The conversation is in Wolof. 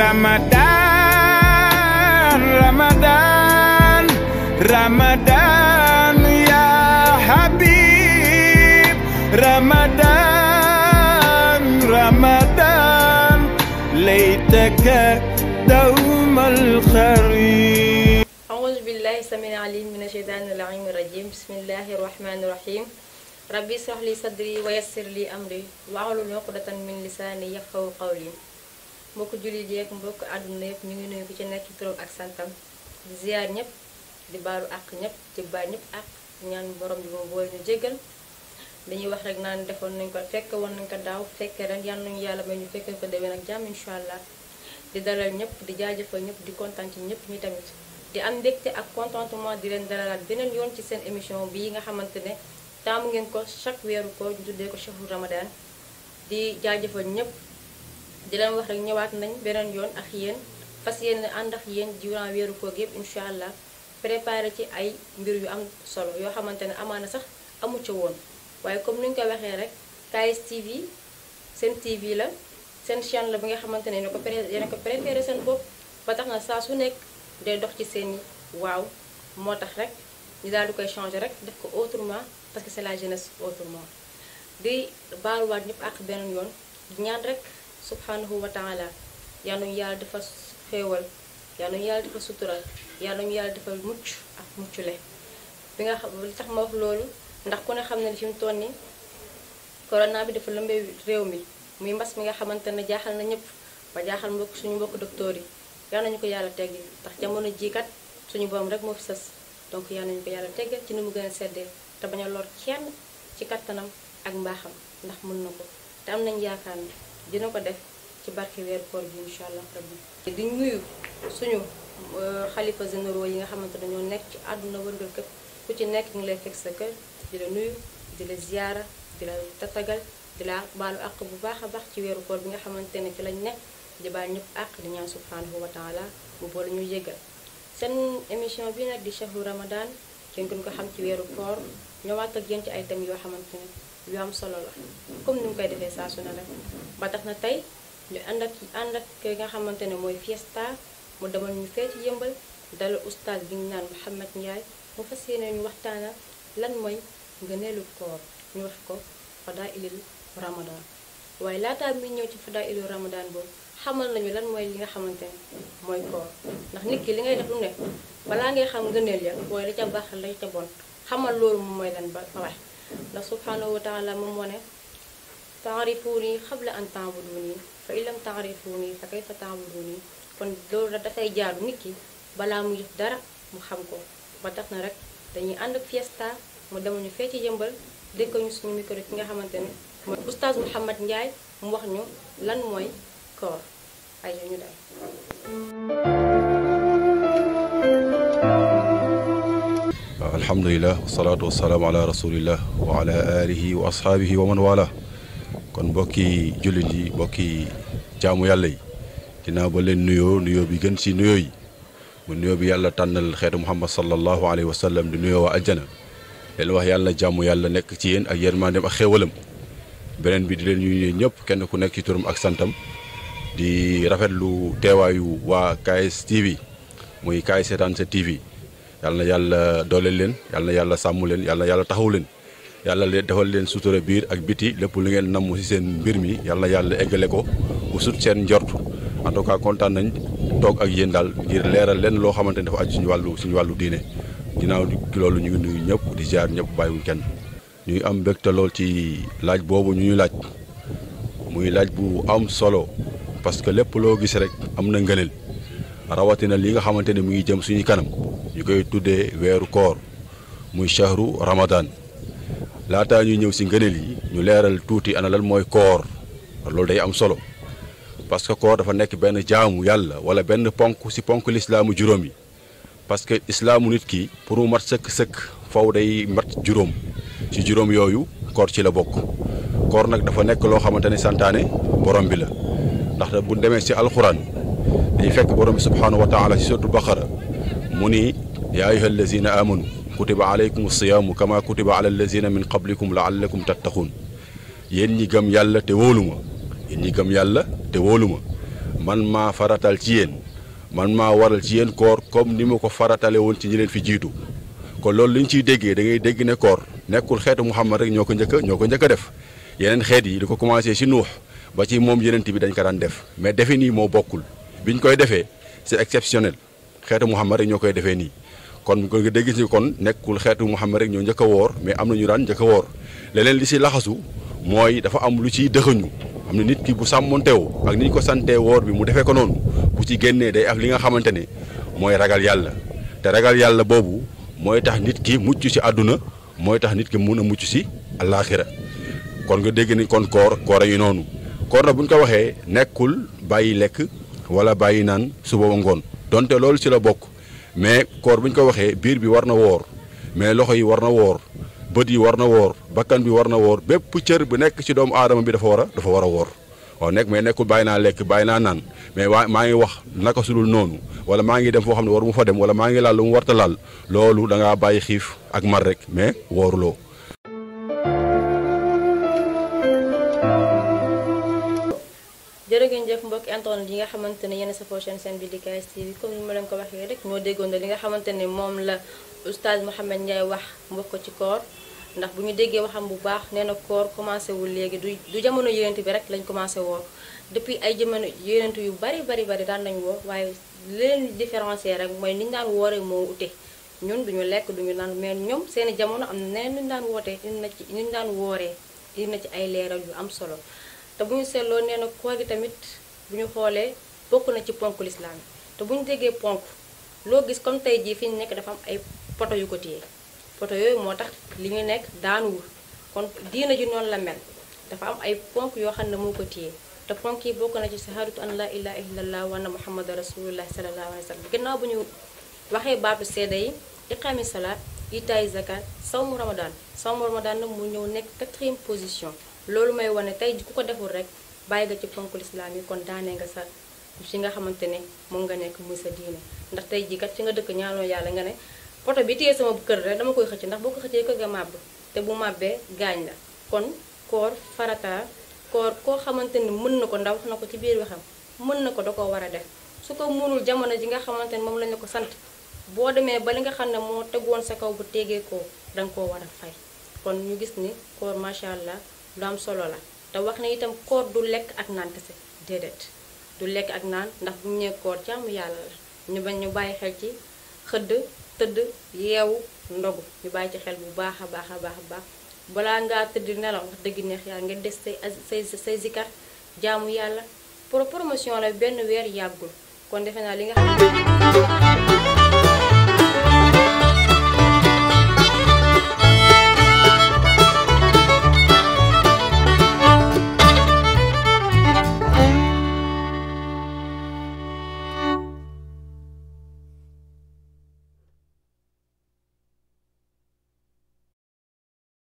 Ramadan Ramadan Ramadan ya Habib Ramadan Ramadan ليتك دوم الخريف أعوذ بالله السميع العليم من الشيطان اللعين الرجيم بسم الله الرحمن الرحيم ربي اشرح لي صدري ويسر لي أمري واحلل عقدة من لساني يفقهوا قولي mbokk jullit yeeg mbokk àdduna yëpp ñu ngi nuyu ku ci nekk turam ak santam di ziar ñëpp di baalu àq ñëpp di baal ñëpp àq ñaan borom bi mu boole ñu jéggal dañuy wax rek naan defoon nañ ko fekk woon nañ ko daaw fekkee ren yal nañu yàlla may ñu fekkee ko déwén ak jàmm incha allah di dalal ñëpp di jaajëfal ñëpp di kontaan ci ñëpp ñu tamit di am mbégte ak contentement di leen dalalaat beneen yoon ci seen émission bii nga xamante ne taamu ngeen ko chaque weeru ko ñu tuddee ko chahru ramadan di jaajëfal ñëpp di leen wax rek ñëwaat nañ beneen yoon ak yéen fas yéen ànd ak yéen durant weeru koor gi yëpp incha allah préparé ci ay mbir yu am solo yoo xamante ne amaana sax amu ca woon waaye comme ni ñu ko waxee rek KS TV seen TV la seen chaîne la bi nga xamante ne yéen ko pré yéen seen bopp ba tax na saa su nekk day dox ci seen waaw moo tax rek ñu daal di koy changé rek def ko autrement parce que c'est la jeunesse autrement di baaluwaat ñëpp ak beneen yoon subhanahu wa taala yal nañu yàlla defal xéewal yal nañu yàlla defal sutural yal nañu yàlla defal mucc ak muccule bi nga xam li tax ma wax loolu ndax ku ne xam ne li fi mu toll nii corona bi dafa lëmbee réew mi muy mbas mi nga xamante ne jaaxal na ñëpp ba jaaxal mbokk suñu mbokk docteur yi yal nañu ko yàlla teggi ndax jamono jii kat suñu borom rek moo fi sës donc yal nañu ko yàlla tegge ci ni mu gën a seddee te bañ a lor kenn ci kattanam ak mbaaxam ndax mën na yaakaar dina ko def ci barke weeru koor bi incha allah rabbi di nuyu suñu euh, xalifa généraux yi nga xamante ñoo nekk ci àdduna wërngal këpp ku ci nekk ñu lay fekk sa kër di la nuyu di la ziyaara di la tatagal di la baalu àq bu baax a baax ci weeru koor bi nga xamante ne ci lañ nekk di baal ñëpp àq di ñaan subhanahu wa taala bu boole ñu yëgal seen émission bi nag di chahru ramadan kenn gën ko xam ci weeru koor ñëwaat ak yéen ci ay thèmes yoo xamante yu am solo la comme ni mu koy defee saa su ne rek ba tax na tey ñu ànd ak ànd ak nga xamante ne mooy fiesta mu demal ñu fee yëmbal dala oustaz bi ñu naan Mouhamed Ndiaye mu fas yéene ñu waxtaana lan mooy ngëneelu koor ñu wax ko fadaa ilil ramadan waaye laataa mi ñëw ci fadaa ilil ramadan boobu xamal nañu lan mooy li nga xamante ne mooy koor ndax nit ki li ngay def lu nekk balaa ngay xam ngëneel ya waaye la ca baax la ca bon xamal loolu moom mooy lan ba wax ndax subhaanahu wa taala moom moo ne taarifuuni xabla an taabuduuni fa in lam taarifuuni fa kayfa taabuduuni kon loolu da dafay jaaru nit ki balaa mu yëf dara mu xam ko ba tax na rek dañuy ànd ak fiesta mu demuñu fee ci yëmbal dégg ñu suñu micro ki nga xamante ne mooy oustaz Mouhamed Ndiaye mu wax ñu lan mooy koor ay ñu dem alhamdulilah wasalaatu wasalaamu ala rasulillah wa ala alihi wa ashaabihi wa man wala kon mbokki jullit yi mbokki jaamu yàlla yi ginnaaw ba leen nuyoo nuyoo bi gën si nuyoo yi mu nuyoo bi yàlla tànnal xeetu muhammad sallallahu alayhi wa sallam di nuyoo waa ajjana leen wax yàlla jaamu yàlla nekk ci yéen ak yërmandeem ak xéewalam beneen bi di leen ñuy ñëpp kenn ku nekk ci turum ak santam di rafetlu teewaayu waa KS TV muy kaay seetaan sa yàlla na yàlla dooleel leen yàlla yàlla sàmm leen yàlla na yàlla taxaw leen yàlla leen defal leen sutura biir ak biti lépp lu ngeen namm ci seen mbir mi yàlla yàlla eggale ko bu sut seen njort en tout cas kontaan nañ toog ak yéen daal ngir leeral leen loo xamante ne dafa aju suñu wàllu suñu wàllu diine ginnaaw loolu ñu ngi nuyu ñëpp di jaar ñëpp bàyyiwuñ kenn ñu ngi am mbégte lool ci laaj boobu ñu ñu laaj muy laaj bu am solo parce que lépp loo gis rek am na ngëneel rawatina li nga xamante ne mu ngi jëm suñu kanam ñu koy tuddee weeru koor muy shahru ramadan laataa ñuy ñëw si ngëneel yi ñu leeral tuuti ana lan mooy koor loolu day am solo parce que koor dafa nekk benn jaamu yàlla wala benn ponk si ponk lislaamu juróom yi parce que islaamu nit ki pour mu mat sëkk-sëkk faw day mat juróom ci juróom yooyu koor ci la bokk koor nag dafa nekk loo xamante ne santaane borom bi la ndax bu demee si alxuraan dañuy fekk borom bi subhaanahu ci taala si mu ni yaa ayuha allazina amanu kutiba aleykum alsiyaamu kama kutiba ala allazina min qablikum laallakum tattaquun yéen ñi gëm yàlla te wóolu ma yéen ñi gëm yàlla te wóolu ma man maa faratal ci yéen man maa waral ci yéen koor comme ni ma ko faratale woon ci ñi leen fi jiitu kon loolu li ñu ciy déggee da ngay dégg ne koor nekkul xeetu Muhammad rek ñoo ko njëkk ñoo ko njëkk def yeneen xeet yi di ko commencé si nuux ba ci moom yeneen bi dañ ko daan def mais defe nii moo bokkul biñ koy defee c'est exceptionnel xeetu Muhammad rek ñoo koy defee nii kon ko day ni kon nekkul xeetu xam rek ñoo njëkk a woor mais am na ñu daan njëkk woor leneen li si laxasu mooy dafa am lu ci dëxëñu am na nit ki bu sàmmonteew ak ni ko santee woor bi mu defee ko noonu bu ci génnee day ak li nga xamante ne mooy ragal yàlla te ragal yàlla boobu mooy tax nit ki mucc si àdduna mooy tax nit ki mun a mucc si àllaaxira kon nga dégg ni kon koor koor a noonu koor na bu ñu ko waxee nekkul bàyyi lekk wala bàyyi naan suba ba ngoon donte loolu si la bokk mais koor bu ñu ko waxee biir bi war na woor mais loxo yi war na woor bët yi war na woor bakkan bi war na woor bépp cër bu nekk ci doomu aadama bi dafa war a dafa war a woor waaw nekk mais nekkul bàyyi naa lekk bàyyi naa naan mais waa maa ngi wax naka su noonu wala maa ngi dem foo xam ne war mu fa dem wala maa ngi laal lu mu warta laal loolu da bàyyi xiif ak mar rek mais wóoruloo mbokk internet yi nga ne yéen sa prochaine seen bi di KS TV comme ni ma leen ko waxee rek ñoo déggoon li nga xamante moom la oustaz Mouhamed Ndiaye wax mbokk ko ci koor ndax bu ñu déggee waxam bu baax nee na koor commencé wul léegi du du jamono yonent bi rek lañ commencé woor depuis ay jamono yonent yu bari bari bari daan nañ woor waaye li leen différencier rek mooy ni ñu daan wooree moo ute ñun duñu lekk duñu naan mais ñoom seeni jamono am na neneen daan wootee indi na ci ñu daan wooree indi na ci ay leeral yu am solo bu ñu xoolee bokk na ci ponk lislaam te bu ñu déggee ponk loo gis comme tey jii fi ñu nekk dafa am ay poto yu ko téye poto yooyu moo tax li ñu nekk daanuwul kon diina ji noonu la mel dafa am ay ponk yoo xam ne moo ko téye te ponk yi bokk na ci sahaadatu an laa ilaaha illallah wa anna muhammadan rasulullah sallallahu alayhi wa sallam ginnaaw bu ñu waxee baatu seede yi iqaami salaat itaay zakat sawmu ramadan sawmu ramadan nag mu ñëw nekk quatrième position loolu may wane tey ku ko deful rek bàyyi nga ci ponk lislaam yi kon daanee nga sa fi nga xamante ne moom nga nekk muy sa diine ndax tey jii kat ci nga dëkk ñaanoo yàlla nga ne poto bi téye sama kër rek dama koy xëcc ndax boo ko xëccee ko nga màbb te bu màbbee gaañ la kon koor farata koor koo xamante ni mën na ko ndax wax na ko ci biir waxam mën na ko da ko war a def su ko mënul jamono ji nga xamante ne moom lañu ko sant boo demee ba li nga xam ne moo teg woon sa kaw bu tegee ko danga koo war a fay kon ñu gis ni koor macha allah lu am solo la te wax na itam koor du lekk ak naan kese déedéet du lekk ak naan ndax bu ñu nee koor jaamu yàlla la ñu bañ ñu bàyyi xel ci xëdd tëdd yeewu ndogu ñu bàyyi ci xel bu baax a baax a baax a baax balaa ngaa tëdd nelaw wax dëgg neex yaa nga des say say say zikar jaamu yàlla pour promotion la benn weer yàggul kon defe naa li nga xam